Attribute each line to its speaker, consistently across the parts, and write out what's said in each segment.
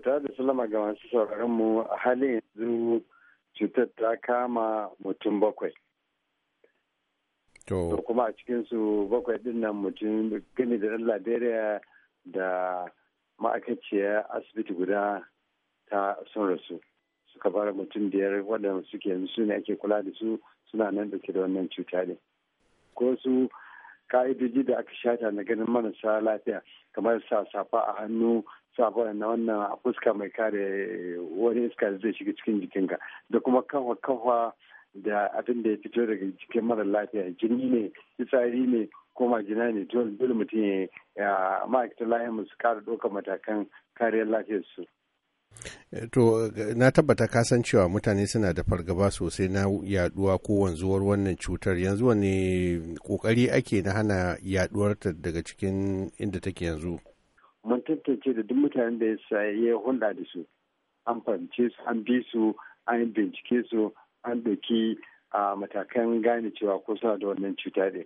Speaker 1: kyauta da sulama ga masu sauraron mu a halin yanzu cutar ta kama mutum bakwai. To kuma a cikinsu bakwai din nan mutum gani da ɗan Liberia da ma'aikaciyar asibiti guda ta sun rasu. Suka fara mutum biyar waɗanda suke yanzu ne ake kula da su suna nan ɗauke da wannan cuta ne. Ko su ka'idoji da aka shata na ganin marasa lafiya kamar sa safa a hannu safa na wannan a fuska mai kare wani iska da zai shiga cikin jikinka da kuma kafa kafa da abin da ya fito daga jikin mara lafiya jini ne fitsari ne ko majina ne dole mutum ya ma'aikatan lafiya su kara ɗaukar matakan kariyar lafiyarsu.
Speaker 2: Eh, to eh, na tabbata ka san cewa mutane suna da fargaba sosai na yaduwa ko wanzuwar wannan cutar yanzu wani kokari ake na hana yaduwar ta daga cikin inda take yanzu.
Speaker 1: Mun tantance da duk mutanen da ya hulɗa da su an fahimce su an bi su an bincike su an ɗauki a matakan gane cewa ko suna da wannan cuta ne.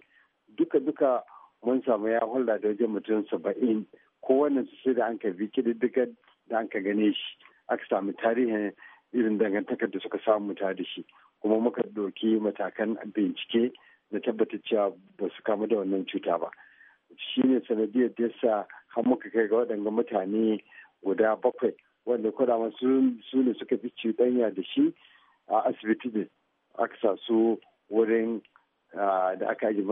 Speaker 1: Duka duka mun samu ya hulɗa da wajen mutum saba'in kowane sai da an ka bi kididdigar da an ka gane shi aka sami tarihin irin dangantakar da suka samu ta da shi kuma muka ɗauki matakan bincike da tabbatar cewa ba su kamu da wannan cuta ba shi ne sanadiyar da yasa har muka kai ga waɗanga mutane guda bakwai wanda kudaman su ne suka fi cuɗanya da shi a asibiti ne aka sa su wurin ah, da aka yi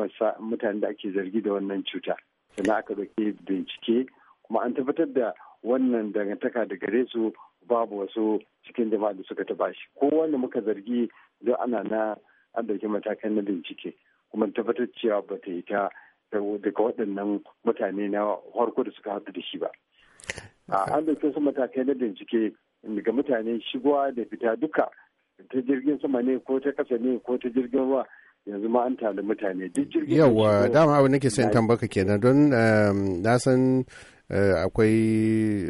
Speaker 1: mutane da ake zargi da wannan cuta sannan aka ɗauki bincike Kuma an tabbatar da wannan dangantaka da gare su babu wasu cikin jama'a da suka taba shi ko wanda muka zargi don ana na an dauki matakan na bincike kuma tabbatar cewa ba ta yi ta daga waɗannan mutane na farko da suka haɗu da shi ba an dauki wasu matakai na bincike daga mutane shigowa da fita duka ta jirgin sama ne ko ta ƙasa ne ko ta jirgin ruwa yanzu ma an tare mutane duk jirgin yawa dama abu nake son tambaka
Speaker 2: kenan don ehm, na san Eh, akwai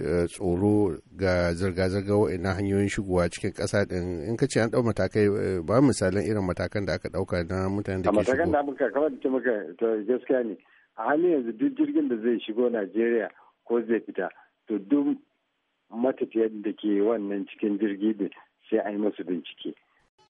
Speaker 2: eh, tsoro ga zirga-zirga wa'ina hanyoyin shigowa cikin ƙasa ɗin in ka ce an ɗau matakai eh, ba misalin irin matakan da aka ɗauka na mutane da ke shigo. matakan da
Speaker 1: muka kawai da muka to gaskiya ne a halin yanzu duk jirgin da zai shigo Najeriya ko zai fita to duk matafiyan da ke wannan cikin jirgi din sai a yi masu bincike.